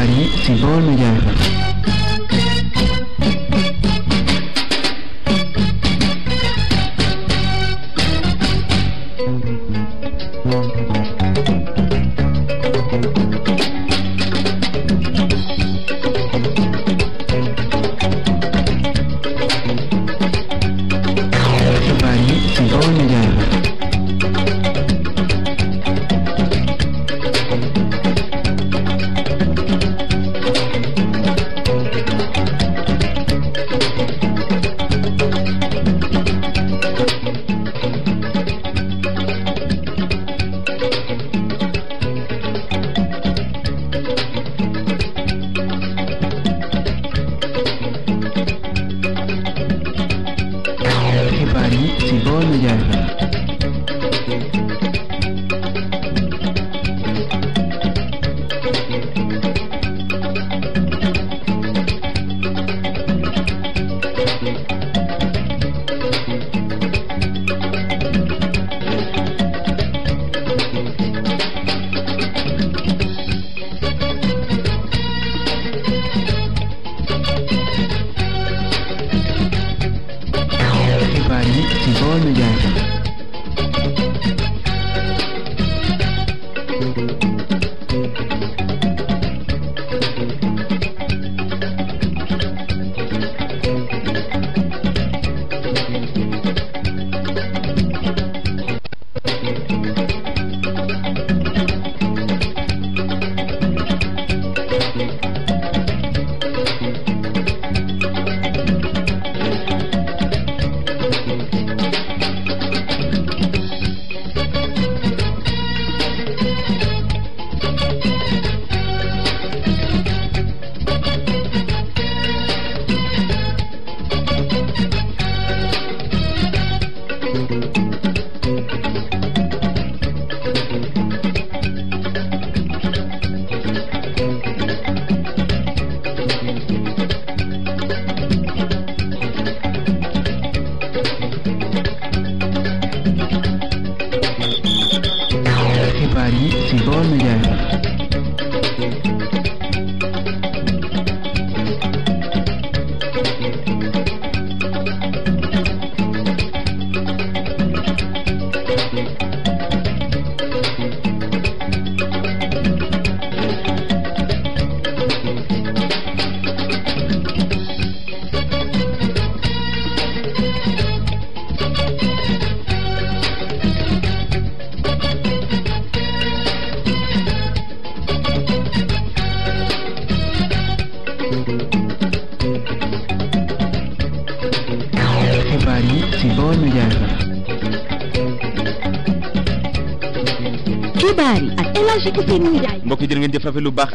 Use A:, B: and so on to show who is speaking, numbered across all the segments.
A: xibaar yi ci Baolmedias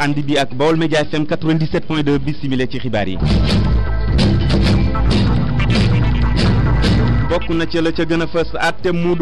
B: ànd bi ak Baol Média FM 97 point ci xibaar yi bokk na ca la a moom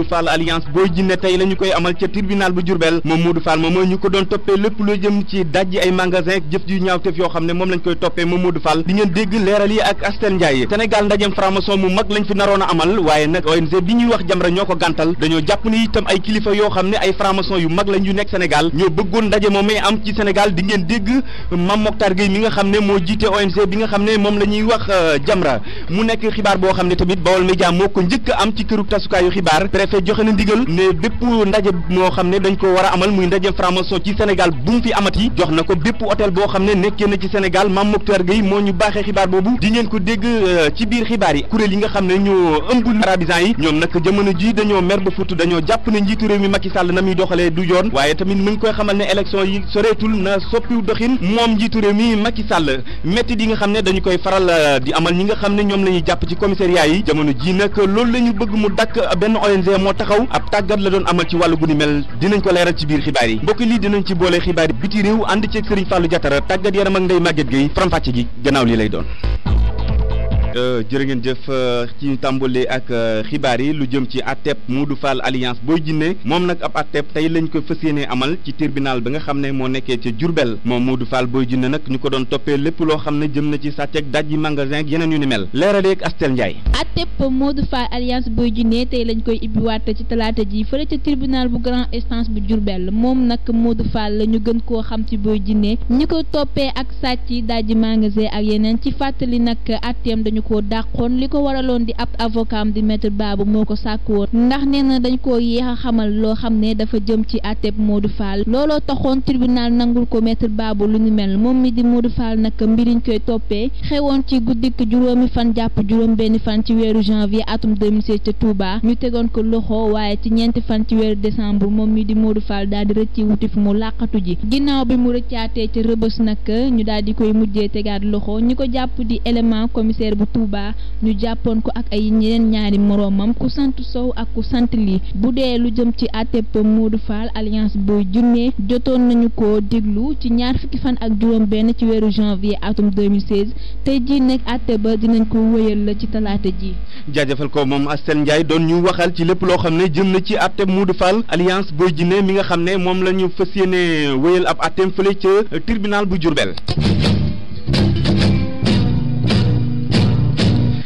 B: Modou fi naroon a amal waaye ONG bi ñuy wax Jamra ñoo ko gàntal dañoo jàpp ni itam ay kilifa yoo xam ne ay franc yu mag lañ nekk Sénégal ñoo bëggoon ndaje moomee am ci Sénégal di dégg Mame Moctar Gueye mi nga xam ne moo jiite ONG bi nga xam ne moom la wax euh, Jamra mu nekk xibaar boo xam ne tamit Baol Média moo ko njëkk a am ci këru tasukaayu xibaar préfet joxe na ndigal a amal muy ndaje franc-maçon na ko bépp hôtel boo xam ne nekkee na ci Sénégal Mame Moctar Gueye moo ñu baaxee xibaar boobu di ko dégg euh, ci biir xibaar yi nga xam ne ñoo ëmb yi ñoom nag jamono ji dañoo mer ba futt dañoo jàpp ne njiitu réew mi Macky Sall na muy doxalee du yoon waaye tamit mu ngi koy xamal ne élection yi soreetul na soppiw doxin moom njiitu réew mi Macky Sall métti di nga xam ne dañu koy faral euh, di amal ñi nga xam ne ñoom la ñuy jàpp ci commissariat yi jamono ji loolu la ñu bëgg mu dakk benn ONG moo taxaw ab tàggat la doon amal ci wàll gu ni mel dinañ ko leeral ci biir xibaar yi mbokk lii dinañ ci boole xibaar yi biti réew ànd ceeg Serigne Fallou Diatara tàggat yaram ak Ndeye Maguette Gueye faram-fàcce gi gannaaw lii lay doon Euh, jërë ngeen jëf euh, ci ñu tàmbali ak euh, xibaar yi lu jëm ci atteb Modou Fall alliance booy Djiné moom nag ab atteb tey lañ ko fas yéene amal ci tribunal ba nga xam ne moo nekkee ca Diourbel moom Modou Fall Boy Djiné nag ñu ko doon toppee lépp loo xam ne jëm na ci sàcc ak daj yi magasin ak yeneen yu ni mel leerale ak Astel
C: Ndiaye atteb Modou Fall alliance Boy Djiné tey lañ koy ibbiwaat ci talaata ji fële ca tribunal bu grand instance bu Diourbel moom nag Modou la ñu gën koo xam ci Boy Djiné ñi ko toppee ak sàcc daj magasin ak yeneen ci fàttali nag atteem dañu koo dàqoon li ko waraloon di ab avocat di maître Babou moo ko sàkk woon ndax nee na dañ koo yéex a xamal loo xam ne dafa jëm ci àtteb Modou Fall looloo taxoon tribunal nangul ko maître Babou lu ñu mel moom mi di Modou Fall nag mbiriñ koy toppee xewoon ci guddik juróomi fan jàpp juróom benn fan ci weeru janvier atum 2016 ca Touba ñu tegoon ko loxo waaye ci ñeenti fan ci weeru décembre moom mi di Modou Fall daal di rëcci wuti fu mu làqatu ji ginnaaw bi mu rëccaatee ca rëbës nag ñu daal di koy mujjee tegaat loxo ñi ko jàpp di élément commissaire bu Touba ñu jàppoon ko ak ay ñeneen ñaari moroomam ku sant Sow ak ku sant lii bu dee lu jëm ci ATP Modou Fall alliance Boy Djiné jotoon nañu ko déglu ci ñaar fukki fan ak juróom benn ci weeru janvier atum 2016 tey jii nekk àtte ba dinañ ko wéyal la ci talaate ji
B: jaajëfal ko moom Astel Ndiaye doon ñu waxal ci lépp loo xam ne jëm na ci àtte Modou Fall alliance Boy Djiné mi nga xam ne moom la ñu fas yéene wéyal ab àtteem fële ca tribunal bu Diourbel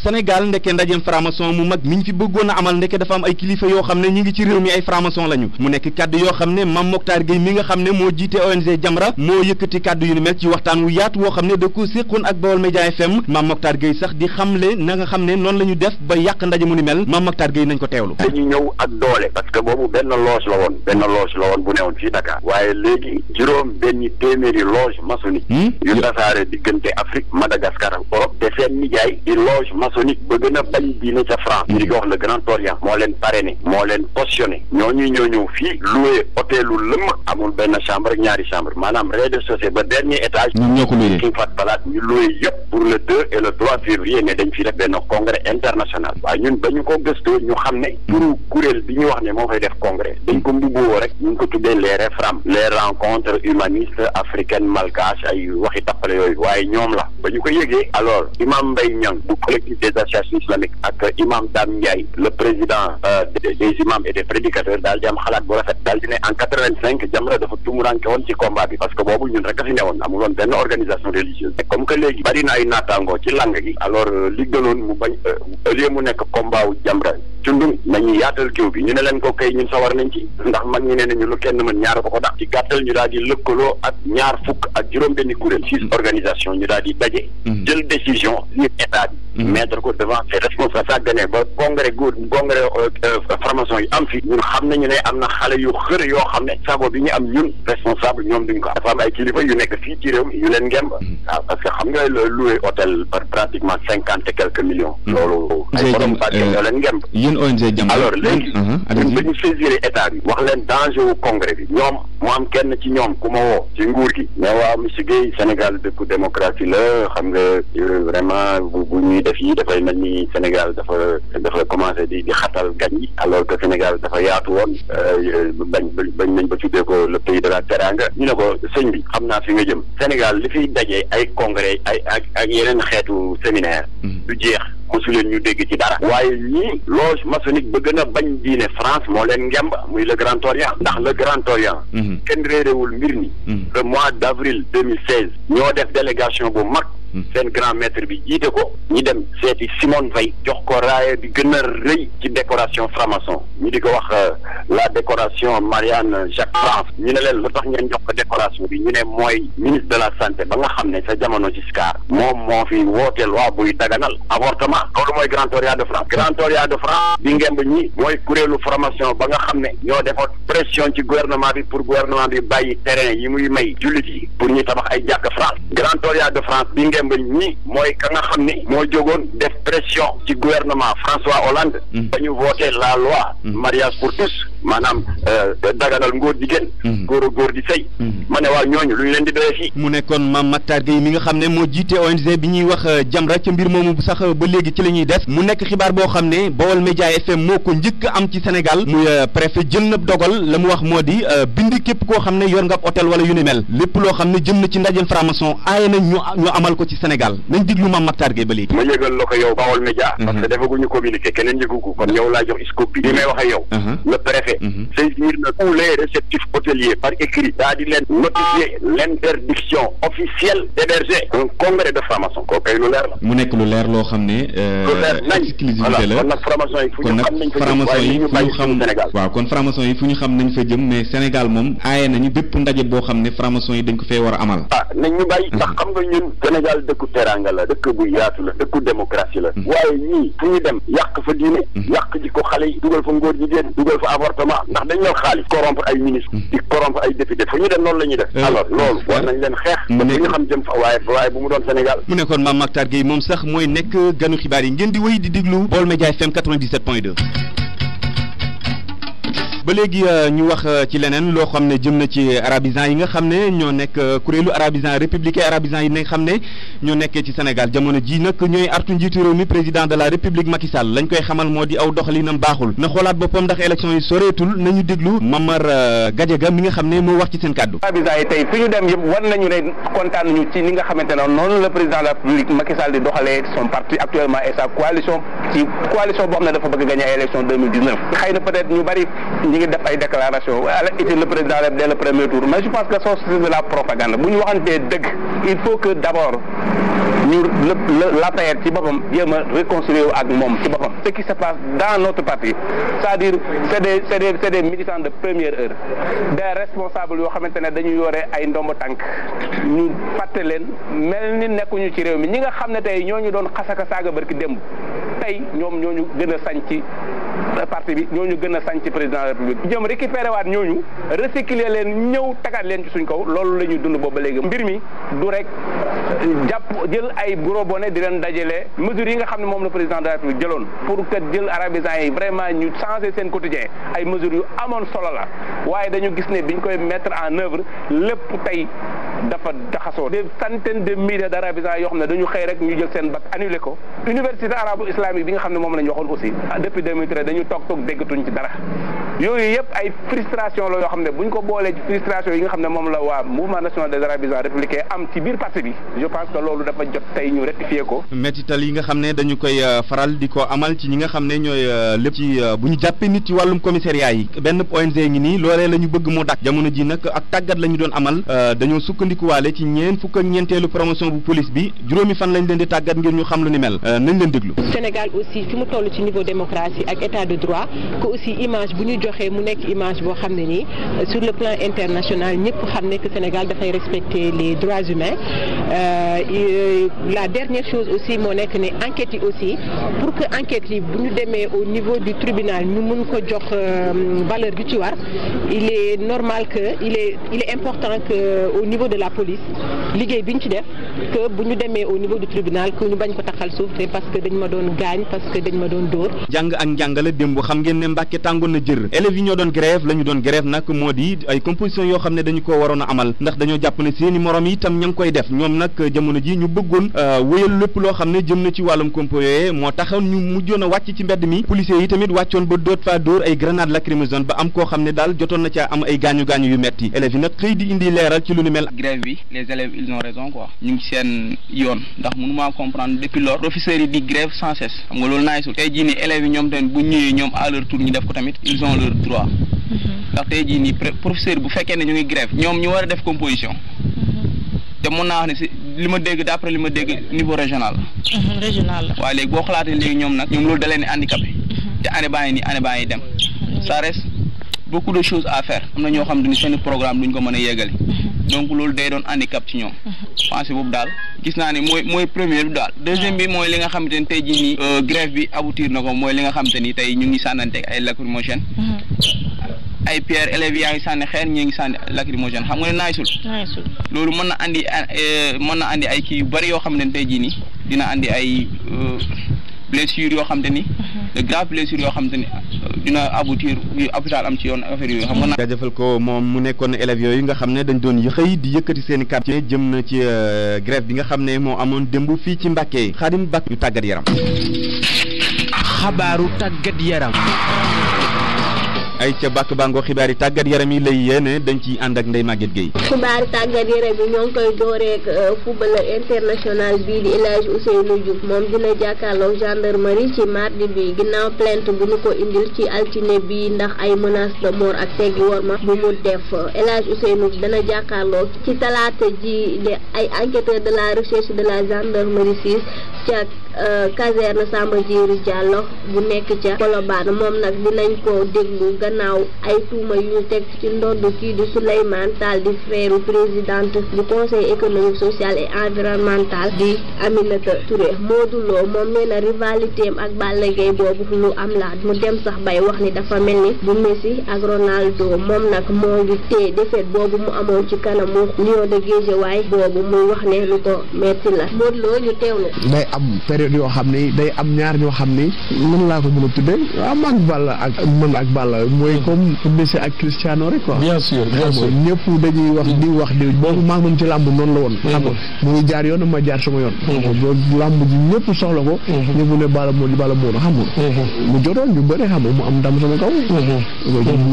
B: Sénégal ndeke ndajeem franc-maçon mu mag mi ñu fi bëggoon a amal ndeke dafa am ay kilifa yoo xam ne ñi ngi ci réew mi ay franc-maçon lañu mu nekk kaddu yoo xam ne mam Moctar Gueye mi nga xam ne moo jiite ONG Jamra moo yëkkati kaddu yu ni mel ci waxtaan wu yaat woo xam ne da ko séqoon ak Baol Média FM Mame Moctar Gueye sax di xamle na nga xam ne noon la ñu def ba yàq ndaje mu ni mel Mame Moctar Gueye nañ ko teewlu
D: dañu ñëw ak doole parce que boobu benn loge l woon benn loge la woon bu newoon fii Dakar waaye léegi juróom benn téeméeri loge maçonnique hmm? yu tasaare diggante Afrique Madagascar ak Europe te seen nijaay di loge maçon maçonnique ba gën a bañ diine ca France ñu di ko wax le Grand Orient moo leen parrainé moo leen cautionné ñooñu ñoo ñëw fii loué hôtelu lëmm amul benn chambre ak ñaari chambre maanaam rez de ba dernier étage King Fahd Palace ñu loué yëpp pour le deux et le trois février ne dañ fi def benn congrès international waaye ñun ba ñu ko gëstoo ñu xam ne turu kuréel bi ñu wax ne moo koy def congrès dañ ko mbubboo rek ñu ngi ko tuddee les REFRAM les rencontres humanistes africaines malgaches ay waxi tappale yooyu waaye ñoom la ba ko yëgee des associations ak imam Dame Ndiaye le président euh, des imams et des prédicateurs di am xalaat bu rafet daal di ne en quatre vingt cinq Jamra dafa tumuranke ci combat bi parce que boobu ñun rek a fi newoon amul woon benn organisation religieuse comme que léegi bari ay naataangoo ci lang gi alors euh, li mu bañ euh, au lieu mu nekk combat wu Jamra tundum nañu yaatal géew bi ñu ne leen ko kay ñun sawar nañ ci ndax mag ñi ne nañu lu kenn mën ñaar débattre ko devant ses responsables sàgganee ba congrès góor congrès euh, formation yi am fi ñun xam nañu ne am na xale yu xër yoo xam ne sago bi ñu am ñun responsable ñoom duñ ko am dafa am kilifa yu nekk fii ci yu leen ngemb hmm. waaw parce que xam nga loué hôtel par pratiquement cinquante quelques millions hmm. loolu ay borom bàcke euh, ñoo leen ngemb
B: yéen ONG Jamra alors léegi
D: ba uh-huh, ñu saisir état bi wax leen danger congrès bi ñoom moo am kenn ci ñoom ku ma woo ci nguur gi mais waaw monsieur Guèye Sénégal dëkku démocratie la xam nga euh, vraiment bu bu ñuy def yi dafay nañ ni Sénégal dafa dafa commencé di di xatal gañ yi alors que Sénégal dafa yaatu woon euh, bañ bañ nañ ba tuddee ko le pays de la ñu ne ko sëñ bi xam naa fi nga jëm Sénégal li fiy dajee ay congrès ay ak ak yeneen xeetu séminaire mm. du jeex mosu leen ñu dégg ci dara waaye ñii loge maçonnique ba gën a bañ diine France moo leen ngemb muy le Grand Orient ndax le Grand Orient mhm. kenn réeréwul mbir ni mhm. le mois d' avril deux mille seize ñoo def délégation bu mag seen grand maître bi jiite ko. ñu dem seeti Simone Veil. jox ko raaya bi gën a rëy ci décoration franc-maçon ñu di ko wax euh, la décoration Marianne Jacques France ñu ne leen lu tax ngeen jox ko décoration bi ñu ne mooy ministre de la santé ba nga xam ne sa jamono Giscard moom moo fi woote loi buy daganal avortement loolu mooy Grand Orient de France Grand Orient de France bi ngemb ñi mooy kuréelu formation ba nga xam ne ñoo defoon pression ci gouvernement bi pour gouvernement bi bàyyi terrain yi muy may jullit yi pour ñu tabax ay Mbaye ñii mooy ka nga xam ni moo jógoon def pression ci gouvernement François Hollande. Mm. ba ñu la loi. Mm. mariage pour tous. maanaam euh, daganal ngóor jigéen. Mhm. góor a góor di sëy. Mhm. ma ne waa ñooñu lu ñu leen di doyee fii.
B: mu nekkoon Mame Mactar Gueye mi nga xam ne moo jiite ONG bi ñuy wax euh, Jamra ca mbir moomu sax euh, ba léegi ci la ñuy def mu nekk xibaar boo xam ne Bawol Média FM moo ko njëkk am ci senegal mu préfet jël na dogal la mu wax moo di bind képp koo xam ne yor nga ab hôtel wala yu ni mel lépp loo xam ne jëm ci ndajel franc-maçon aaye ñu ñu amal ko ci Sénégal nañ diglu Mame Mactar Gueye ba léegi.
D: ma yëgal la ko yow Bawol Média. Mhm. parce que defaguñu ko kon yow laa jox scoop wax ak yow. le préfet Mm-hmm. saisir na tous les réceptifs hôteliers par écrit daa di leen notifier l'interdiction officielle d'héberger un congrès de franc-maçon koo lu leer la
B: mu nekk lu leer loo xam ne euh, exclusivité la kon nag
D: franc-maçon yi fu ñu xam nañ fa jëm
B: waaw kon franc yi fu ñu xam nañ fa jëm mais Sénégal moom aaye nañu bépp ndaje boo xam ne franc-maçon yi dañ ko fee war a amal ah
D: nañ bàyyi mm-hmm. ndax xam nga ñun Sénégal dëkku teranga la dëkk bu yaatu la dëkku démocratie la mm-hmm. waaye ñii fu ñu dem yàq fa diine yàq ji ko département ndax dañ yor xaalis corrompre ay ministre mm-hmm. di corrompre ay député fu ñu dem noonu la ñuy def euh, euh, loolu war euh, nañ leen xeex ba bu ñu xam jëm waaye waaye bu mu doon Sénégal
B: mu nekkoon Mame Mactar Gueye moom sax mooy nekk ganu xibaar yi ngeen di wéy di déglu Baol Média FM 97.2 ba léegi euh, ñu wax euh, ci leneen loo xam ne jëm na ci arabisants yi nga xam ne ñoo nekk euh, kuréelu arabisants républicain arabisants yi nga xam ne ñoo nekkee ci Sénégal jamono ji nag ñooy artu njiitu réew mi président de la république Macky Sall lañ koy xamal moo di aw doxalinam baaxul na xoolaat boppam ndax élection yi soreetul nañu déglu Mamar Gadiaga mi nga xam ne moo wax ci seen kàddu.
E: arabisants yi tey fi ñu dem yëpp wan nañu ne kontaan nañu ci li nga xamante ne noonu la président de la république Macky Sall di doxalee son parti actuellement et sa coalition ci coalition boo xam ne dafa bëgg gagner élection 2019 xëy na peut ñu ngi def ay déclaration ala été le président dès le premier tour mais je pense que c'est de la propagande bu ñu waxantee dëgg il faut que d'abord ñu l'APR ci boppam jéem a réconcilier ak moom ci boppam ce qui se passe dans notre parti c'est-à-dire c'est des c'est des c'est de première heure des responsables yoo xamante ne yore ay ndombo tànk ñu fàtte leen mel ni nekkuñu ci réew mi ñi nga xam ne tey ñooñu doon xasaka saaga barki démb tey ñoom a parti bi ñoo gën a sañ ci président de la république jëm récupéré waat ñooñu recycler leen ñëw tagaat leen ci suñ kow loolu la ñuy dund boobu léegi mbir mi du rek jàpp jël ay gros bonnet di leen dajale mesures yi nga xam ne moom la président de la république jëloon pour que jël arabisants yi vraiment ñu changer seen quotidien ay mesures yu amoon solo la waaye dañu gis ne bi ñu koy mettre en œuvre lépp tey dafa daxasoo des centaines de milliers d'arabisants yoo xam ne dañu xëy rek ñu jël seen bac annulé ko université arabo islamique bi nga xam ne moom la ñu aussi ah, depuis 2013 dañu toog toog déggatuñ ci dara yooyu yëpp ay frustration la yoo xam ne buñ ko boolee ci yi nga xam ne moom la waa mouvement national des arabisants républicains am ci biir parti bi je pense que loolu dafa jot tey ñu rectifier ko
B: métital yi nga xam ne dañu koy euh, faral sukkandikuwaale ci ñeen fukk ak ñeenteelu promotion bu police bi juróomi fan lañ leen di tàggat ngir ñu xam lu ni mel euh, nañ leen déglu
F: Sénégal aussi fi mu toll ci niveau démocratie ak état de droit que aussi image bu ñu joxee mu nekk image boo xam ne nii euh, sur le plan international ñëpp xam ne Sénégal dafay respecter les droits humains euh, la dernière chose aussi moo nekk ne enquêtes yi aussi pour que enquêtes yi bu ñu demee au niveau du tribunal ñu mun ko jox valeur bi ci war il la police liggéey bi ñu ci def que bu ñu demee au niveau du tribunal que ñu bañ ko taxal suuf te parce que dañ ma doon gaañ parce que dañ ma doon dóor.
B: jàng ak njàngale démb xam ngeen Mbàkke tàngoon na jër élèves yi ñoo doon grève la doon grève nag moo di ay composition yoo xam ne dañu ko waroon a amal ndax dañoo jàpp ne seeni morom yi itam ña koy def ñoom nag jamono ji ñu bëggoon euh, wéyal lépp loo xam ne jëm na ci wàllum compo yooyee moo taxoon ñu mujjoon a mi policiers yi tamit koo xam ne daal jotoon na ca am ay gaañu
G: grève bi les élèves ils ont raison quoi ñu ngi seen yoon ndax mënu comprendre depuis lors professeurs yi di grève sans cesse xam nga loolu nagisul tey jii nii élèves yi ñoom tamit bu ñëwee ñoom à leur tour ñu def ko tamit ils ont leur droit mm-hmm. ndax tey jii nii professeur bu fekkee ne ñu ngi grève ñoom ñu war a def composition mm-hmm. te mën naa wax ne si li ma dégg d'après li ma dégg niveau régional la mm-hmm, régional la waaye léegi boo xalaatee léegi ñoom nag ñoom loolu da leen di handicapé ñoo xam ne seen programme ko mën donc loolu day doon indi handicap ci ñoom mhm. pensée boobu daal gis naa ni mooy mooy première bi daal deuxième bi mooy li nga xamante ni tey jii nii euh, grève bi aboutir na ko mooy li nga xamante ni tey ñu ngi sànnante ay lacrymogène
H: mhm.
G: ay pierre élèves yaa ngi sànni xeer ñii ngi sànni lacrymogène xam nga ne naay sul loolu mën na andi euh, mën na indi ay kii yu bëri yoo xam ne tey jii nii dina andi ay euh, blessures yoo xam te ni mhm. de graves yoo xam te ni dina aboutir hôpital am ci yoon
B: affaire yooyu xam nga naa jaajëfal ko moom mu nekkoon élèves yooyu nga xam ne dañ doon xëy di yëkkati seen i quartier jëm na ci euh, grève bi nga xam ne moo amoon démb fii ci Mbàkke Xaadim Bàkk yu tàggat yaram
F: xabaaru tàggat yaram
B: ay ca bàkk bàngoo xibaari tàggat yaram yi lay yéene dañ ciy ànd ak Ndeye Maguette Gueye
A: xibaari tàggat yaram yi ñoo ngi koy dooreek euh, footballeur international bii di El Hadji Ousseynou Diouf moom dina jàkkaarloog gendarmerie ci mardi bi ginnaaw plainte bu ñu ko indil ci altine bi ndax ay menace de mort ak teggi worma bu mu def El Hadji Ousseynou dana jàkkaarloo ci talaata ji de ay enquêteur de la recherche de la gendarmerie 6 ca Euh, caserne Samba Diéry Diallo bu nekk ca Colobane moom nag dinañ ko déglu gannaaw ay tuuma yu ñu teg ci ndodd kii di Souleymane Tall di frère présidente du conseil économique social et environnemental di Aminata Touré Modou Lo moom nee na ak Balla Gaye boobu lu am la mu dem sax bay wax ni dafa mel ni bu Messi ak Ronaldo moom nag moo ngi téye défaite boobu mu amoon ci kanamu Lion de Guédiawaye boobu muy wax ne lu ko metti la Modou Lo ñu teewlu
B: day période yoo xam ni day am ñaar ñoo xam ni mën laa ko mën a tuddee am ak Balla ak mën ak Balla mooy mm. comme Messi ak Cristiano rek quoi. bien sûr bien sûr ñëpp dañuy wax di wax di mm. boobu maa mën ci làmb noonu la woon. Mm. xam nga mu ngi jaar yoon ma jaar sama yoon. xam nga boobu làmb ji ñëpp soxla ko. ñëpp ne Balla moo di Balla moo xam nga. mu jotoon ñu bëri xam mu am ndam sama kaw.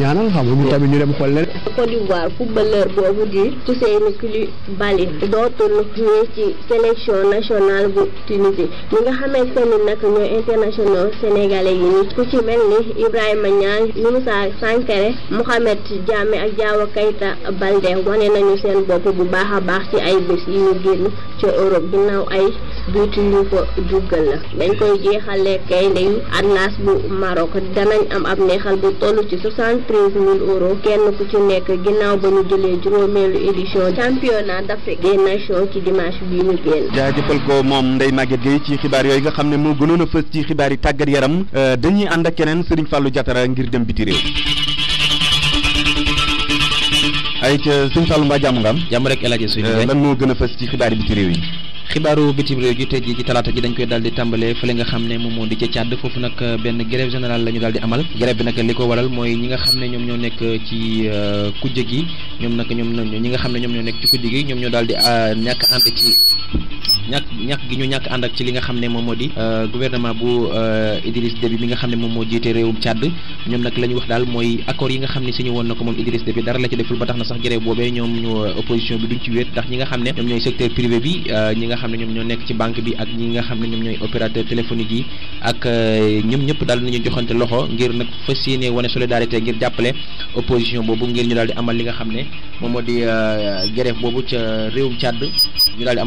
B: ñaanal xam tamit ñu dem xool
D: leen.
A: Côte d'Ivoire footballeur boobu di Toussaint Coulibaly dootul jouer ci sélection nationale bu Tunisie. nga xamante ni nag ñooy internationaux sénégalais yi ku ci mel ni Ibrahima Niang Moussa Sankare Mouhamed Diame ak Diawa Keita Balde wane nañu seen bopp bu baax a baax ci ay bés yi ñu génn ca Europe ginnaaw ay duutuñu ko juggal la dañ koy jeexalee gaynde yu Atlas bu Maroc danañ am ab neexal bu toll ci soixante-treize mille euros kenn ku ci nekk ginnaaw ba ñu jëlee juróomeelu édition championnat d'Afrique des nations ci dimanche
B: bi ñu génn. jaajëfal ko moom ndey Maguette Gueye ci xibaar yooyu nga xam ne moo gënoon a fës ci xibaar yi tàggat yaram euh, dañuy ànd ak keneen Serigne Fallou Diatara ngir dem biti réew.
F: ay ca suñu Saalum ba jàmm nga am. jàmm rek El Hadj euh, moo gën a fës ci xibaar xibaari biti réew yi. xibaaru bitim réew ji tey ji ci talaata ji dañ koy daal di tàmbalee fële nga xam ne moom moo di ca Tchad foofu nag euh, benn grève amal grève bi nag li ko waral mooy ñi nga xam ne ñoom ñoo nekk euh, ci euh, kujje gi ñoom nag ñoom ñi nga xam ne ñoom ñoo nekk ci kujje gi ñoom ñoo daal di ñàkk ànd gi ñu ñàkk ànd ak ci li nga xam ne moom moo di gouvernement bu Idriss Déby xam ne moom moo jiite réewum Tchad ñoom nag la ñu wax daal mooy accord yi nga xam ne ko moom Idriss Déby dara la ci deful ba tax na sax grève boobee nga xam ne ñoom ñooy secteur privé bi ñi nga xam ne ñoom ñoo nekk ci banque bi ak ñi nga xam ne ñoom ñooy opérateur euh, loxo ngir nag fas yéene wane solidarité ngir jàppale opposition boobu ngir ñu daal di amal nga xam ne moom moo di euh, grève boobu ca réewum Tchad ñu daal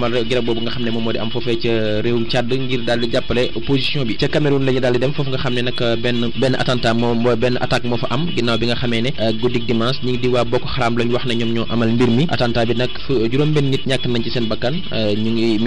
F: di xam ne moom moo am foofee ca réewum Tchad ngir daal di jàppale opposition bi ca Cameroun la ñu daal di dem foofu nga xam ne nag euh, benn benn attentat moo benn attaque moo fa am ginnaaw bi nga xamee ne guddik dimanche ñi ngi di waa Boko Haram lañ wax ne ñoom ñoo amal mbir mi attentat bi nag juróom-benn nit ñàkk nañ ci seen bakkan ñu ngi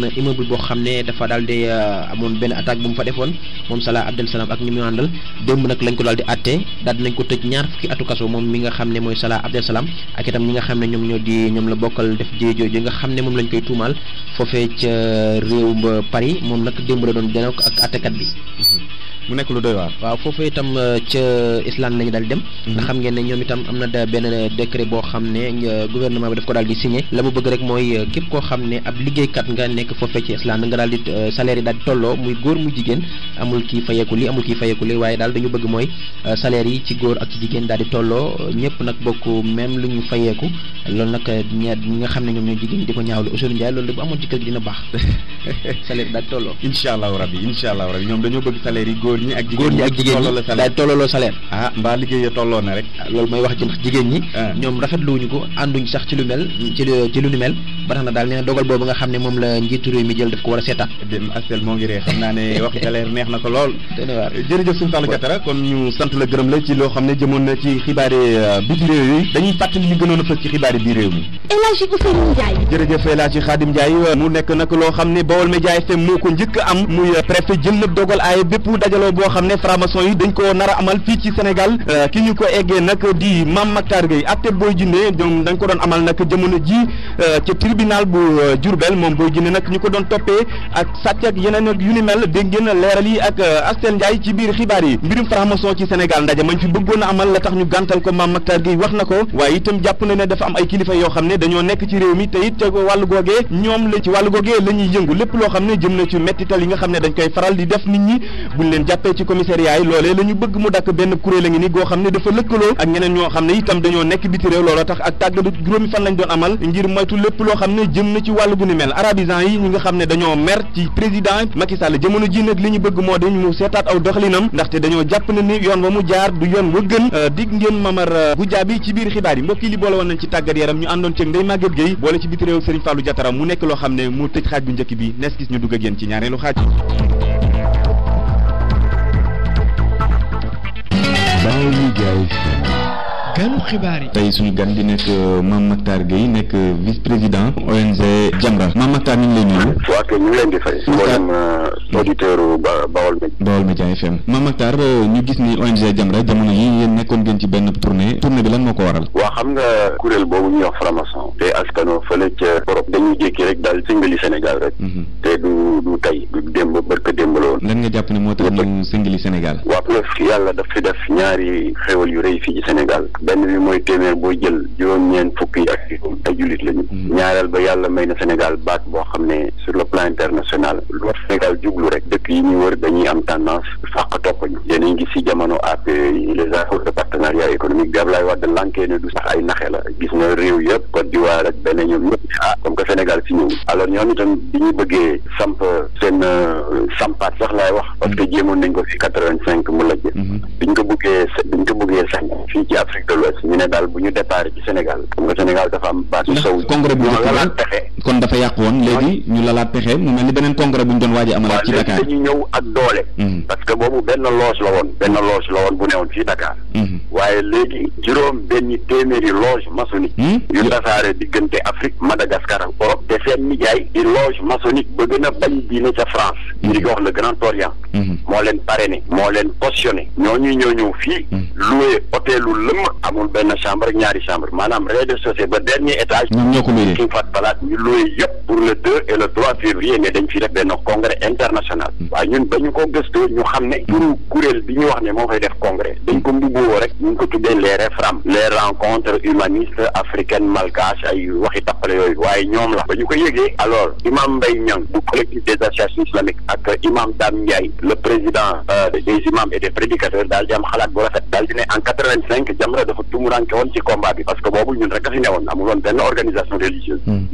F: benn immeuble boo xam ne dafa daal di euh, amoon benn attaque bu mu fa defoon moom Salah Abdel Salam ak ñi démb nag lañ ko daal di àtte daal dinañ ko tëj ñaar fukki atu kaso moom mi nga xam ne mooy Salah Abdel Salam ak itam ñi nga xam ne ñoom euh, ba Paris moom nag démb la doon janook ak itam euh, la ñu daal dem. nga mhm. xam ngeen ne ñoom itam am na benn décret boo xam ne gouvernement bi daf ko daal di signé la mu bëgg rek mooy képp koo xam ne ab liggéeykat nga nekk nekk foofee ci islam na nga daal di euh, salaire yi daal di tolloo muy góor mu jigéen amul kii fayeeku li amul kii fayeeku li waaye daal dañu bëgg mooy euh, salaire yi ci góor ak ci jigéen ñu euh, ñi nga di ko ñaawlu Ousseynou Ndiaye loolu bu amoon ci kër gi dina baax
B: salaire yi daal di tolloo incha allahu rabbi incha allahu rabbi
F: ah, mbaa liggéey tolloo na rek ah, loolu mooy wax ji ndax jigéen ñi ah. ñoom rafetluwuñu ko ànduñ sax ci lu mel ci lu ni mel ba na daal nee dogal boobu nga xam ne moom la njiitu réew mi jël daf ko war a seetaat dem asel moo ngi ree xam naa ne waxi taleer
G: neex na ko lool
B: jërëjëf suñu Fallou Diattara kon ñu sant la gërëm la ci loo xam ne jëmoon na ci xibaari euh, biti réew yi dañuy fàttali li a fës ci xibaari bii réew mi
A: El Hadji Ousseynou Ndiaye
B: jërëjëf El Hadji Khadim Ndiaye euh, mu nekk nag loo xam ne Baol Média FM moo ko njëkk am muy euh, préfet jël na dogal bépp dajaloo boo xam ne franc yi dañ ko nar a amal fii ci Sénégal ki ñu ko eggee nag di Mame Mactar Gueye atte Boy Djiné ñoom dañ ko doon amal nag jamono ji ci tribunal bu Diourbel moom Boy Djiné nag ñu ko doon toppee ak sàcc ak yeneen yu ni mel dégg ngeen leeral yi ak euh, Astel Ndiaye ci biir xibaar yi mbirum franc-maçon ci Sénégal ndaje mañ fi bëggoon a amal la tax ñu gantal ko Mame Mactar Guèye wax na ko waaye itam jàpp na ne dafa am ay kilifa yoo xam ne dañoo nekk ci réew mi te it wàllu googee ñoom la ci wàllu googee la ñuy yëngu lépp loo xam ne jëm na ci mettital yi nga xam ne dañ koy faral di def nit ñi buñ leen jàppee ci commissariat yi loolee la ñu benn kuréel a ngi ni ne dafa lëkkaloo ak ñeneen ñoo xam ne itam dañoo nekk biti réew loola tax ak tàggatu juróomi fan lañ doon amal ngir moytu loo xam ne jëm na ci wàllu bu ni mel arabisant yi ñi nga xam ne dañoo mer ci président Macky Sall jamono ji nag li ñu bëgg moo dañ seetaat aw doxalinam ndaxte dañoo jàpp na ni yoon wa mu jaar du yoon wa gën euh, dig ngeen Mamar euh, Goudiaby ci biir xibaar yi mbokk yi li boole woon nañ ci tàggat yaram ñu àndoon ceeg Ndeye Maguette Gueye boole ci biti réew Serigne Fallou mu nekk loo xam ne mu tëj xaaj bu njëkk bi nees gis ñu dugg ak yéen ci ñaareelu xaaj Baye xibaar yi tey suñu gan di nekk euh, Mame Mactar Gueye nekk euh, vice président ONG Jamra Mame Mactar ñu ngi lay
H: nuyu. waaw kay ñu ngi leen di fay. mboolem euh, mm. auditeur ba
B: Média. Baol Média FM Mame Mactar ñu gis ni ONG Jamra jamono yi yéen nekkoon ngeen ci benn tournée tournée bi lan moo ko waral.
D: waa xam nga kuréel boobu ñuy wax franc-maçon te askano fële ca Europe dañuy jékki rek daal singali Sénégal rek. Mm-hmm. te du du tey
B: du démb barka démb la lan nga jàpp ne moo tax ñu singali Sénégal. waa yàlla daf fi def ñaari xéwal yu rëy fii bi mooy téeméer boo jël juróom-ñeent fukk yi ak juróom ay jullit lañu. Mm. ñaareel ba yàlla may na Sénégal baat boo xam ne
D: sur le plan international lu war Sénégal jublu rek dëkk yi ñu wër dañuy am tendance fàq topp ñu. dinañ gis si jamono APE yi les accords de partenariat économique bi Ablaye Wade lankee ne du sax ay naxe la gis na réew yëpp Côte d'Ivoire ak benn ñoom ñëpp ah comme que Sénégal si ñëw alors ñoom itam bi ñu bëggee samp seen euh, sampaat sax laay wax parce que mm. jéemoon nañ ko fi quatre-vingt-cinq mu mm-hmm. ko bëggee biñ ko bëggee sax fii ci Afrique ñu ne daal bu ñu départ ci Sénégal xam nga Sénégal dafa am base sow. congrès bu njëkk
B: texe kon dafa yàqu woon léegi ñu lalaat pexe mu mel ni beneen congrès bu ñu doon waaj a amalaat ci Dakar
D: dañu ñëw ak doole mhm. parce que boobu benn loge la woon benn loge la woon bu mhm. waaye léegi juróom benn téeméeri loge maçonnique hmm? yu tasaare diggante Afrique Madagascar ak Europe te seen nijaay di loge maçonnique ba gën a bañ diine ca France mhm. ñu di ko wax le Grand Orient moo leen parrainé moo leen cautionné ñooñu ñoo ñëw fii loué hôtelu lëmm amul benn chambre ak ñaari chambre maanaam rez de ba dernier yooyu yëpp pour le deux et le trois février ne dañ fi def benn congrès international hmm. waaye ñun ba ñu ko gëstoo ñu xam ne turu kuréel bi ñu wax ne moo koy def congrès dañ ko mbubboo rek ñu ngi ko tuddee les REFRAM les rencontres humanistes africaines malgaches ay waxi tappale yooyu waaye ñoom la ba ñu ko yëgee alors imam Mbaye Niang bu collectif des associations islamiques ak imam Dame Ndiaye le président euh, des imams et des prédicateurs di am xalaat bu rafet daal di ne en quatre vingt cinq Jamra dafa ñun rek a fi newoon amul woon benn organisation religieuse hmm.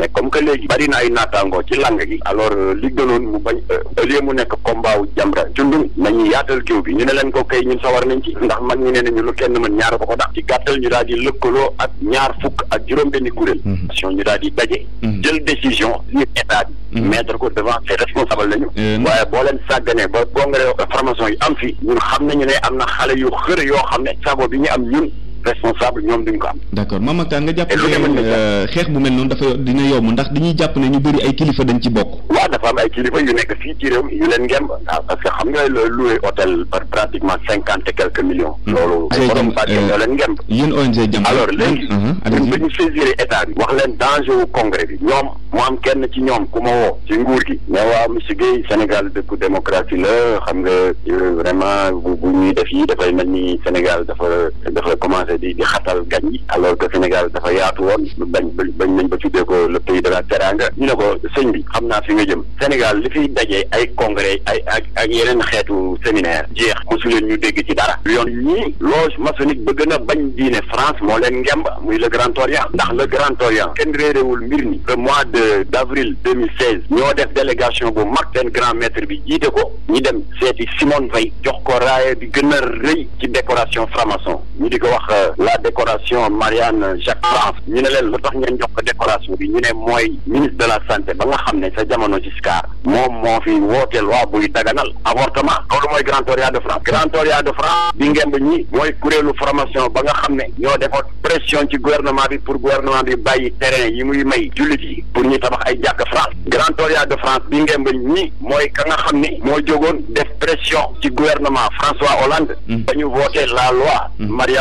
D: léegi bari na ay naataangoo ci lang gi alors euh, li gënoon mu bañ euh, au lieu mu nekk combat wu jamra jundum nañu yaatal géew bi ñu ne leen ko kay ñun sawar nañ ci ndax mag ñi nee nañu lu kenn mën ñaar ko ko dax ci gàttal ñu daal di lëkkaloo ak ñaar fukk ak juróom benni kuréel sion mhm. ñu daal di daje mhm. jël décision ñu état bi mhm. mettre ko devant ses responsables lañu waaye boo leen sàgganee ba congrès euh, formation yi am fi ñun xam nañu ne am na xale yu xër yoo xam ne sago bi ñu am ñun responsable ñoom dañ ko am.
B: d'accord Mame Mactar nga jàpp ne euh, xeex bu mel noonu dafa dina yomb ndax dañuy jàpp ne ñu bëri ay kilifa dañ ci bokk.
D: waaw dafa am ay kilifa yu nekk fii ci yu leen ngemb parce que xam nga looy loué hôtel par pratiquement cinquante et quelques millions. Hmm. loolu euh, leen ngemb. yéen ONG Jamra alors léegi. Hmm, uh-huh, ba ñu saisir état bi. wax leen danger wu congrès bi ñoom mu am kenn ci ñoom ku ma woo. ci nguur gi. ne waa monsieur Guèye Sénégal dëkku la xam nga euh, vraiment bu bu ñuy yi dafay mel ni Sénégal dafa dafa commencé commencé di di xatal gan yi alors que Sénégal dafa yaatu woon bañ bañ nañ ba tuddee ko le pays de la teranga ñu ne ko sëñ bi xam naa fi nga jëm Sénégal li fiy dajee ay congrès ay ak ak yeneen xeetu séminaire jeex mosu leen ñu dégg ci dara yoon ñii loge maçonnique ba gën a bañ diine France moo leen ngemb muy le Grand Orient ndax le Grand Orient kenn réeréwul mbir ni le mois de d' avril ñoo def délégation bu mag seen grand maître bi jiite ko ñu dem seeti Simone Veil jox ko raaya bi gën a ci décoration franc Euh, la décoration Marianne Jacques France ñu ne leen lu tax ngeen jox ko décoration bi ñu ne mooy ministre de la santé ba nga xam ne sa jamono Giscard moom moo fi wooteel waa buy daganal avortement loolu mooy Grand Orient de France Grand Orient de France bi ngemb ñi mooy kuréelu formation ba nga xam ne ñoo defoon pression ci gouvernement bi pour gouvernement bi bàyyi terrain yi muy may jullit yi pour ñu tabax ay jàkk France Grand Orient de France bi ngemb ñi mooy ka nga xam ne moo jógoon def pression ci gouvernement François mm. la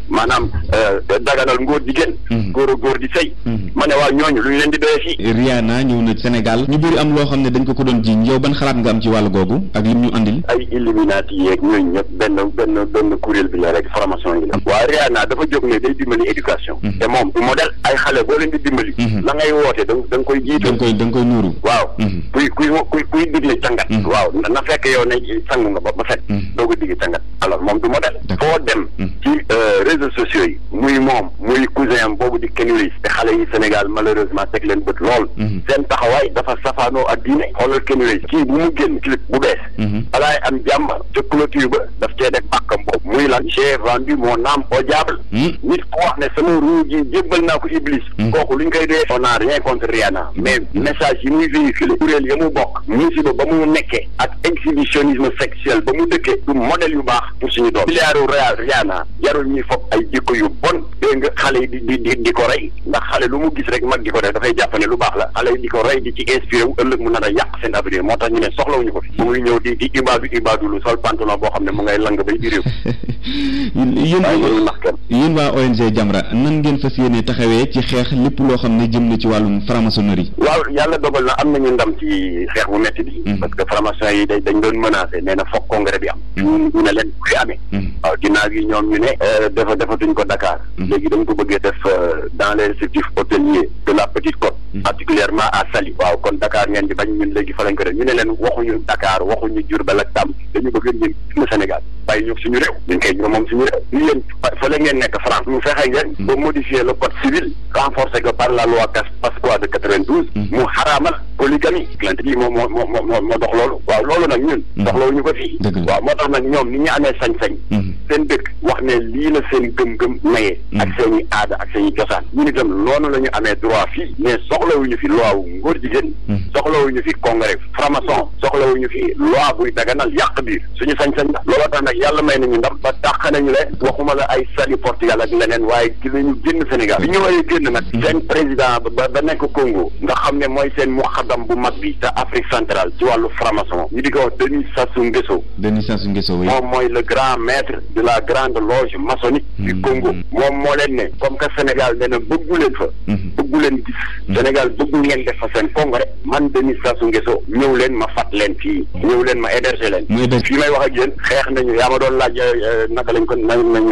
D: maanaam euh, daganal ngoor di hmm. góor a góor di sëy hmm. ma ne waa ñooñu lu ñu leen di doyee fii
B: Rihanna ñëw na Sénégal ñu bëri am loo xam ne dañ ko ko doon jiñ yow ban xalaat nga am ci wàll googu ak lim ñu andil
D: ay illuminati yeeg ñooñu ñëpp benn benn benn kuréel bi la rek formation yi la hmm. waa Rihanna dafa jóg ne day dimbali éducation te moom du modèle ay xale boo leen di dimbali la woote da nga koy jiital da nga
B: koy da nga koy nuuru
D: waaw kuy kuy kuy kuy digle cangat waaw na fekk yow ne sangu nga ba ba fekk doo ko digi cangat alors moom du modèle foo dem euh, réseaux sociaux yi muy moom muy cousin am boobu di kennelis te xale yi Sénégal malheureusement teg leen bët lool mhm. seen taxawaay dafa safaanoo ak diine xoolal kennelis kii bu mu génn clip bu bees mhm. balaay am jàmm ca clôture ba daf cee def bàkkam boobu muy lan j'ai vendu mon âme au diable mhm. nit ku wax ne sama ruu ji jébbal naa ko iblis kooku lu ñu koy dee on a rien contre Rihanna mais message yi muy véhiculé kuréel ya mu bokk musiba ba mu nekkee ak exhibitionnisme sexuel ba mu dëkkee du modèle yu baax pour suñu doom milliardu Rihanna jarul ñuy foog ay jikko yu di ko rey ndax xale lu mu gis rek mag di ko def dafay jàpp ne lu baax la xale di ko rey di ci inspiré wu ëllëg mu nar a yàq seen avenir moo tax ñu ne soxlawuñu ko fi mu ngi ñëw di di ibaadu ibaadu lu sol
B: waa ONG Jamra nan ngeen fas yéene taxawee ci xeex lépp loo xam ne jëm na ci wàllum franc
D: waaw yàlla dogal na am nañu ndam ci xeex bu metti bi mhm. parce que franc yi dañ doon menacé nee na foog bi am mhm. ñu ne leen bu amee mhm. waaw dans les réceptifs hôteliers de la Petite Côte hmm. particulièrement à Saly waaw kon Dakar ngeen bañ ñun léegi fa lañ ko def ñu ne leen waxuñu Dakar waxuñu Diourbel ak Tam dañu bëgg ñun le Sénégal bàyyi ñu suñu réew dañ koy moom suñu réew ñu yéen fa la ngeen nekk France ñu fexe ngeen hmm. ba modifier le code civil renforcé ko par la loi Pasqua de quatre-vingt-douze hmm. mu xaraamal polygamie plante moo moo moo moo dox loolu waaw loolu nag cosaan ñun itam loolu la ñu amee droit fii mais soxlawuñu fi loi wu ngóor jigéen hmm. soxlawuñu fi congrès franc-maçon soxlawuñu fi loi buy daganal yàq biir suñu sañ-sañ la looloo tax nag yàlla may nañu ndam ba dàq nañu le waxuma la ay sali Portugal ak leneen waaye ci lañu génn Sénégal bi ñëwee génn nag hmm. seen président ba ba nekk Congo nga xam ne mooy seen muxadam bu mag bi te Afrique centrale ci wàllu franc-maçon ñu ko wax Denis Sassou Nguesso
B: Denis Sassou moom mooy
D: le grand la grande loge maçonnique du hmm. Congo moom moo leen Sénégal nee na bëggu leen fa. Mhm. bëggu mhm. Sénégal bëggu def fa seen congrès. man Denis Sassou Nguesso ñëw leen ma fat leen fii. Mhm. ñëw leen ma héberger leen. fii may wax a yéen xeex nañu yaa ma doon laaj euh, euh, naka lañ ko nan nañu a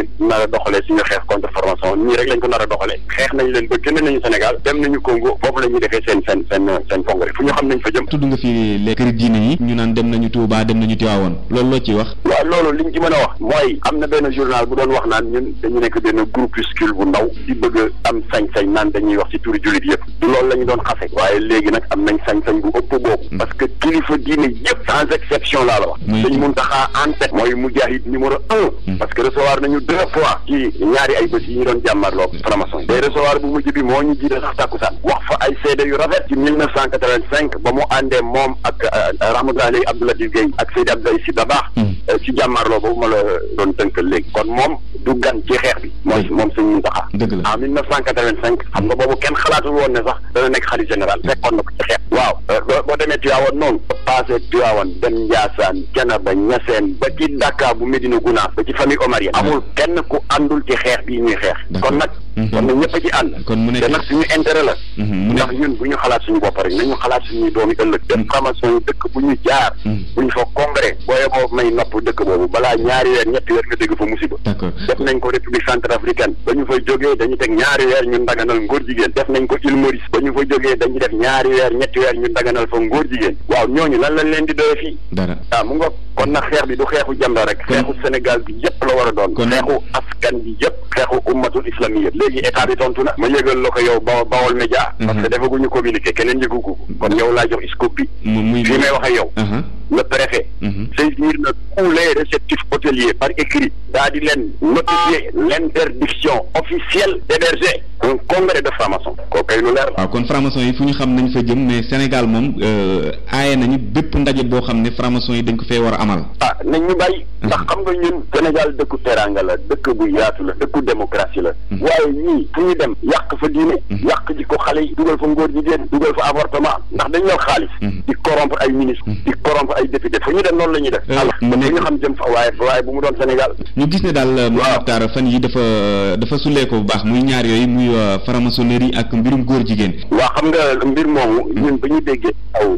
D: suñu xeex contre nii rek lañ ko nar a doxalee. xeex nañ leen ba génn nañu Sénégal dem nañu Congo foofu la defee seen seen seen seen congrès fu ñu xam nañ fa jëm.
B: tudd nga fi les diine yi. ñu naan dem nañu Touba dem a wax
D: na benn journal bu doon wax naan ñun am sañ-sañ naan dañuy wax ci turi jullit yëpp du loolu la ñu doon xase waaye léegi nag am nañ sañ-sañ bu ëpp boobu mm. parce que kilifa diine yëpp sans exception laa la wax sëñ Muntaxa en tête mooy mujahid numéro un mm. parce que recevoir nañu deux fois ci ñaari ay bés yi ñu doon jàmmarloo mm. franc-maçon day recevoir bu mujj bi moo ñu jiite sax tàkkusaan wax fa ay seede yu rafet ci mille neuf cent quatre-vingt-cinq ba mu àndee moom ak euh, Ramadaani Lay Abdou Latif Gueye ak Seydi Abdoulaye Sy Dabakh euh, ci boobu ma la doon tënkal léegi kon moom du gan ci xeex bi mooy moom sëñ Muntaxa neuf cent quatre-vingt-cinq xam nga boobu kenn xalaatul woon ne sax dana nekk xalif général fekkoon na ko ci xeet waaw euh, boo demee Tiwaawan noonu passé Tiwaawan dem Njaasaan Canaba Ñaseen ba ci Dakar bu Médina Gounass ba ci famille Omarienne amul kenn ku àndul ci xeex bii ñuy xeex kon nag mhm. kon a ci ànd te nag suñu intérêt la
H: mhm.
B: ndax
D: ñun bu ñu xalaat suñu bopp rek nañu xalaat suñuy doomi ëllëg def formation yi dëkk bu ñu jaar mhm. bu ñu fa congrès booye boo may nopp dëkk boobu balaa ñaari weer ñaari weer ñu ndaganal ngóor jigéen def na ko Île Maurice ba ñu fa jógee dañuy def ñaari weer ñetti weer ñu ndaganal fa ngóor jigéen waaw ñooñu lan lañ leen di doye fii dara waaw ah, mu kon na xeex bi du xeexu jamra rek. xeexu Sénégal bi yëpp la war a doon. xeexu askan bi yëpp. xeexu ummatul islamiyya léegi état bi tontu na. ma yëgal la ko yow ba Baol Média. Mhm. parce que defaguñu communiqué keneen yëgu ko. kon yow laa jox scoop bi.
H: muy li may wax ak yow. Mhm. le préfet. Mhm.
D: saisir na tous les réceptifs hôteliers par écrit. daa di leen notifier l'interdiction officielle d'héberger un congrès de franc-maçon. kooku kay lu leer
B: la. waaw kon franc yi fu ñu xam nañ fa jëm mais Sénégal moom euh, aaye boo xam ne ko war am amal.
D: ah nañ ñu bàyyi. Mm-hmm. ndax xam nga ñun Sénégal dëkku teranga la dëkk bu yaatu la dëkku démocratie la. Mm-hmm. waaye ñii fu ñu dem yàq fa diine. Mm-hmm. yàq ji ko xale yi dugal fa ngóor jigéen dugal fa avortement ndax dañ yor xaalis. di corrompre ay ministre di corrompre ay député fu ñu dem noonu la ñuy def. Euh, alors mu nekk ñu xam jëm fa waaye waaye bu mu doon Sénégal.
B: ñu gis ne daal. waaw Mokhtar fan yi dafa euh, dafa sulee ko bu baax muy ñaar yooyu muy euh, franc-maçonnerie ak mbirum góor jigéen.
D: waa xam ba ñu déggee aw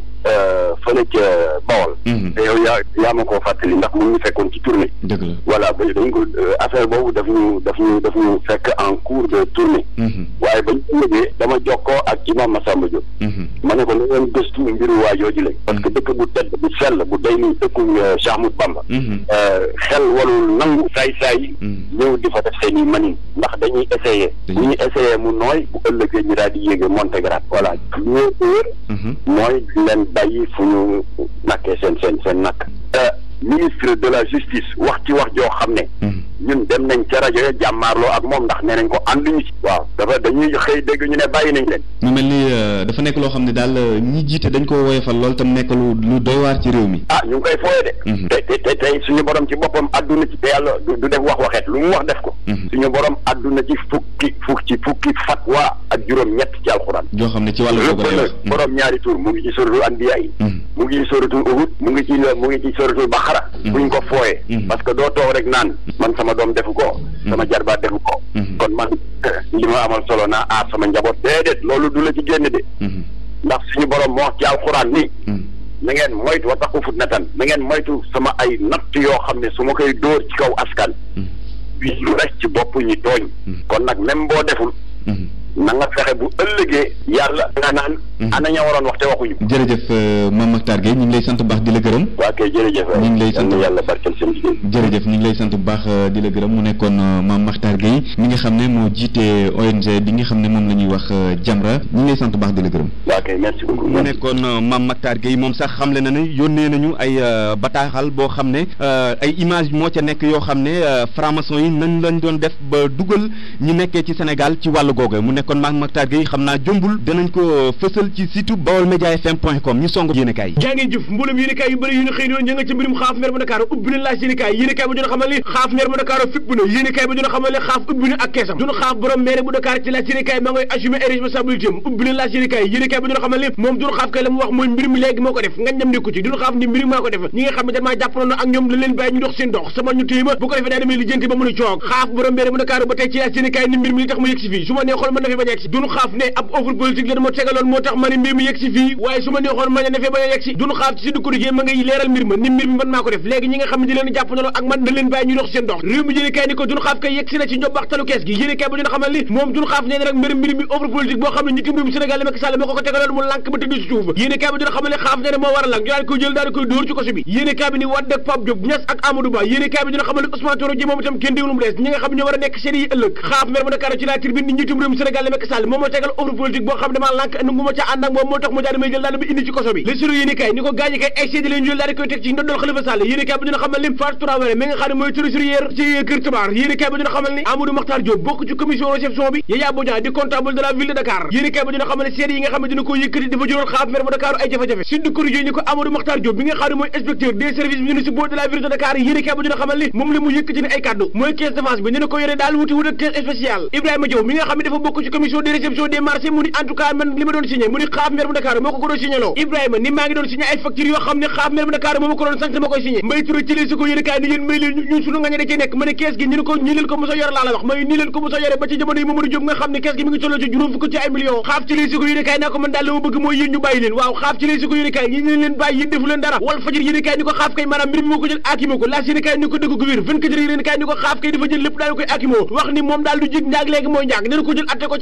D: fële ca Mhm. te yow yaa yaa ma koo fàttali ndax mu ñu fekkoon ci tournée. dëgg la voilà ba dañ ko euh, affaire
H: boobu daf ñu daf ñu daf ñu fekk en cours de tournée. Mhm.
D: waaye ba ñu jógee dama jokkoo ak imam Massamba mhm. ma ne ko na ngeen gëstu mbiru waa jooju lañ. parce que dëkk bu tedd bu sell bu day ni dëkku euh, Cheikh Ahmadou Bamba. Euh, xel walul nangu saay saay. ñëw di fa def seen i manin ndax dañuy essayer. bu ñu essayer mu nooy bu ëllëgee ñu daal yéege monté grade voilà ñoo wër. mooy leen bàyyi fu ñu seen seen seen nakk euh, ministre de la justice wax ci wax joo xam ne. Hmm. ñun dem nañ ca rajo ya jàmmaarloo ak moom ndax nee nañ ko ñu ci. waaw dafa dañuy xëy dëgg ñu ne bàyyi nañ leen.
B: mu mel ni euh, dafa nekk loo xam ne daal euh, ñi jiite dañ ko woyofal lool tam nekk lu lu doy waar ci réew mi.
D: ah ñu ngi koy fooye de. Hmm. te te tey suñu borom ci boppam àdduna ci yàlla du def wax waxeet lu mu wax def ko. Hmm. suñu borom àdduna ci fukki fukki fukki ak juróom-ñett ci alxuraan.
H: joo xam ne ci wàllu boppam
D: yàlla ñaari tur mu ngi ci
H: sóoratul
D: anbiya dara. Mhm. buñ ko fooyee. Mhm. parce que doo toog rek naan mhm. man sama doom defu ko. sama jarbaat defu ko. kon man eh, li ma amal solo naa aar sama njaboot déedéet loolu du la ci génn de. ndax suñu borom moo ci alxuraan ni na ngeen moytu wa taqu fitnatan na ngeen moytu sama ay natt yoo xam ne su ma koy dóor ci kaw askan. lu rek ci bopp ñu tooñ. kon nag même boo deful. na nga fexe bu ëllëgee yàlla nga naan. Mhm. ana ña waroon wax te waxuñu.
B: jërëjëf euh, Mame Mactar Guèye ñu ngi lay sant baax di la gërëm. waa kay jërëjëf. ñu lay sant yàlla barkeel seen liggéey. ñu ngi lay sant bu baax di la gërëm euh, mu nekkoon maam euh, Mactar Guèye mi nga xam ne moo jiite ONG bi nga xam ne moom la ñuy wax Jamra ñu ngi lay sant baax di la gërëm. waa kay merci mu nekkoon Mame Mactar Guèye moom sax xam xamle na ne yónnee nañu ay bataaxal boo xam ne ay image moo ca nekk yoo xam ne franc-maçon yi nañ lañ doon def ba dugal ñu nekkee ci senegal ci wàll googu nekkoon maak Mactar Gueye xam naa jombul danañ ko fësal ci site Baolmedias FM point ñu song yéenekaay jaa
I: ngeen jëf mboolem yéenekaay yu bëri yu ñu xëy doon ña ko def ngañ dem nekku ci dun xaaf ni mbir maa ko def ñi nga xam ne damaa na ak ñoom la bàyyi ñu dox seen dox sama ñu téye ma bu ko defee daa demee lijjanti ba mënu coog xaaf borom maire bu Dakar ba tey ci laaj yéenekaay ni mbir mi li tax mu yëg si fii su ma neexoon mën na fi bañ a xaaf ne ab offre politique la tegaloon moo tax ma mbir mi yegsi fii waaye su neexoon ma ne fee bañ a yegsi xaaf ci Sud ko def léegi ñi nga xam ci ko ko bi yéene kaay ni Wade ak Pape Diop ak Amadou Ba yéene kaay bi xamal ne Ousmane Touare mu des ñi xam ñoo war a nekk seen yi ëllëg xaaf mer bu Dakar ci la tribune ni njiitum réewum Sénégal président la Macky moom moo tegal offre politique boo xam ne maa lànk mu mu yëkkati ni ay kàddu mooy caisse d'avance bi ñu ko yore daal wuti wut ak caisse Ibrahima Diop mi nga xam ne dafa bokk ci commission de réception des marchés mu ni en tout cas man li ma doon signé mu ni xaaf maire bu Dakar moo ko ko doon signé loo Ibrahima ni maa ngi doon signé ay facture yoo xam ne xaaf maire bu Dakar moo ma ko doon sant ma koy signé mbay tura ci leen si ko yéen kaay ni leen may leen ñun sunu nga ñe da cee nekk ma ne kees gi ñu ni ko ñi leen ko mosa yore laa la wax may nii leen ko mosa yore ba ci jamono yi Mamadou Diop nga xam ne kees gi mi ngi tolloo ci juróom fukk ci ay millions xaaf ci leen si ko yéen kaay naa ko man daal la ma bëgg mooy yéen ñu bàyyi leen waaw xaaf ci leen si ko yéen kaay ñi leen leen bàyyi yéen defu leen dara wal fajir yéen kaay ni ko xaaf kay maanaam mbir mi moo ko jël akimoo ko laas yéen kaay ni ko dëgg ko wér vingt-quatre yéen kaay ni ko xaaf kay dafa jël lépp daal koy akimoo wax ni moom daal du jig njaag léegi mooy njaag neen ko jël atte ko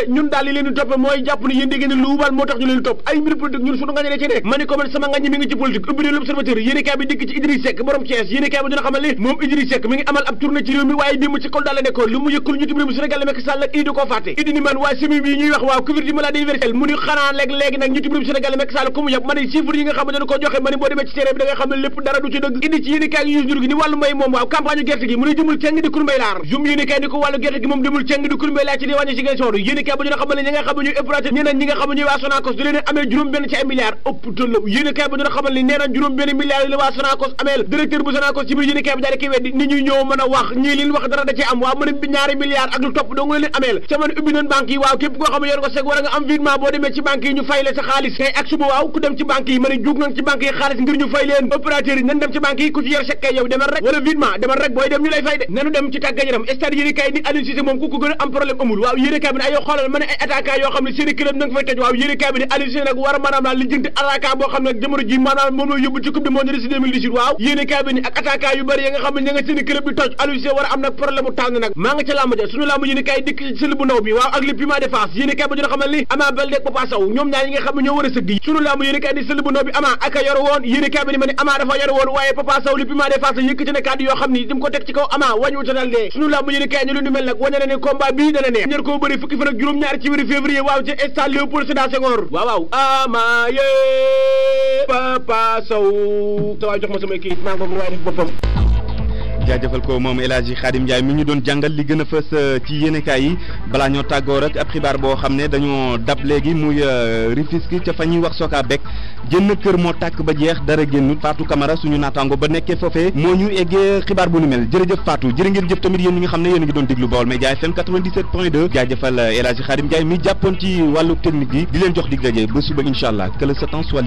I: de ñun daal li leen di mooy jàpp ne yéen dégg ne luubal moo tax ñu leen topp ay mbir politique ñun suñu ngañe dee ci nekk ma ko man sama ngañe mi ñu tim réew mi Sénégal nag idi koo fàtte idi ni man waa simi bi ñuy wax waaw couverture maladie universelle mu ni xanaa léeg léegi nag gi ni wàllu mbay moom waaw campagne gerte gi mu ne jëmul ceng di kurmbay laar jum ni ko wàllu gerte gi moom demul ceng di kurmbay laar ci diwaanu Ziguinchor yéenekaay ñu ñëw mën a wax ñii wax dara da ci am waaw mën ñaari milliards ak lu topp dong leen ameel ca man ubbi nañ banque yi xaalis ngir ñu fay leen opérateur yi dem ci banque yi ku ci yor chèque yow demal rek wala virement demal rek booy dem ñu lay fay de nanu dem ci tàggat yaram stade yéenekaay ni Aliou Cissé moom ku ko gën am problème amul waaw yéenekaay bi ne ay xoolal a maa nga ca làmb ja suñu làmb yéen kaay dikk ci sël bu ndaw bi waaw ak li piment de Fass yéen ni Ama Baldé ak a sëgg woon waaye Papa Sow li piment de Fass yoo xam ne di ko teg ci kaw Ama wàññiwu ta dal dee suñu làmb yéen kaay ñu lu ñu mel nag wañe ne combat bi dana neex ñër koo bëri fukki fan juróom-ñaar ci wéru février waaw ci stade Léopold Sédar Senghor waaw waaw amaaye papa sow tawaay jox ma samay kii maa ngi ko waaye def boppam
B: jaajëfal ko moom El Hadji Khadim Ndiaye mi ñu doon jàngal li gën a fës euh, ci yéenekaay yi balaa ñoo tàggoo rek ab xibaar boo xam ne dañoo dab léegi mu euh, Rufisque ca fa ñuy wax Soka Bek jënn kër moo tàkk ba jeex dara génnut Fatou Camara suñu naataango ba nekkee foofee moo ñu eggee xibaar bu nu mel jërëjëf Fatou jërë ngeen jëf tamit yéen ñi nga xam ne yéen a ngi doon déglu Baol Médias FM 97.2 jaajëfal euh, El Hadji Khadim Ndiaye mi jàppoon ci wàllu technique gi di leen jox dig daje ba suba incha allah que le Satan soit